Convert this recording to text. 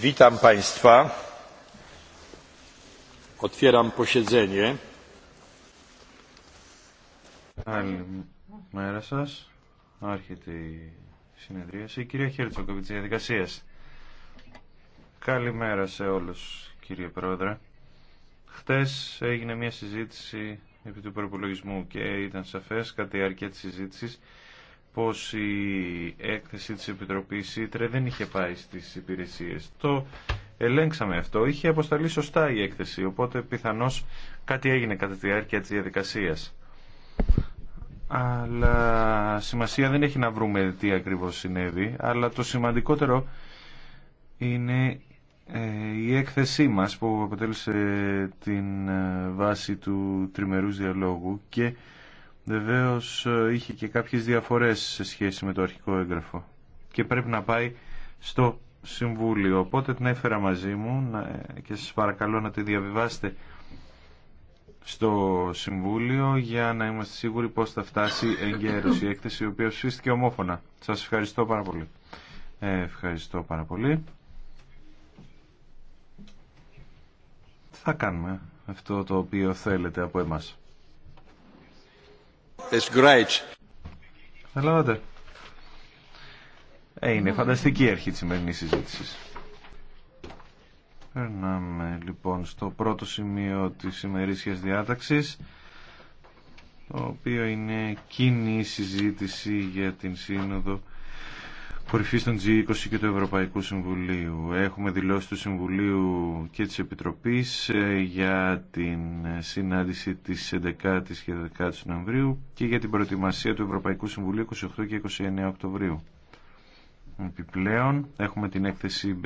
witam państwa otwieram posiedzenie Καλημέρα σα. Άρχεται η συνεδρίαση. Η κυρία Χέρτσοκ, Καλημέρα σε όλου, κύριε Πρόεδρε. Χτε έγινε μια συζήτηση επί του προπολογισμού και ήταν σαφέ κατά τη διάρκεια τη συζήτηση πως η έκθεση της Επιτροπής Ήτρε δεν είχε πάει στις υπηρεσίες. Το ελέγξαμε αυτό. Είχε αποσταλεί σωστά η έκθεση, οπότε πιθανώς κάτι έγινε κατά τη διάρκεια της διαδικασίας. Αλλά σημασία δεν έχει να βρούμε τι ακριβώς συνέβη, αλλά το σημαντικότερο είναι ε, η έκθεσή μας που αποτέλεσε την ε, βάση του τριμερούς διαλόγου και βεβαίως ε, είχε και κάποιες διαφορές σε σχέση με το αρχικό έγγραφο και πρέπει να πάει στο Συμβούλιο. Οπότε την έφερα μαζί μου και σας παρακαλώ να τη διαβιβάσετε στο Συμβούλιο για να είμαστε σίγουροι πώς θα φτάσει εγκαίρως η έκθεση η οποία ψηφίστηκε ομόφωνα. Σας ευχαριστώ πάρα πολύ. Ε, ευχαριστώ πάρα πολύ. Θα κάνουμε αυτό το οποίο θέλετε από εμάς. Καταλάβατε. Ε, είναι φανταστική η αρχή της σημερινής συζήτησης. Περνάμε λοιπόν στο πρώτο σημείο της ημερήσιας διάταξης το οποίο είναι κοινή συζήτηση για την σύνοδο κορυφή των G20 και του Ευρωπαϊκού Συμβουλίου. Έχουμε δηλώσει του Συμβουλίου και της Επιτροπής ε, για την συνάντηση της 11 η και 12ης Νοεμβρίου και για την προετοιμασία του Ευρωπαϊκού Συμβουλίου 28 και 29 Οκτωβρίου. Επιπλέον έχουμε την έκθεση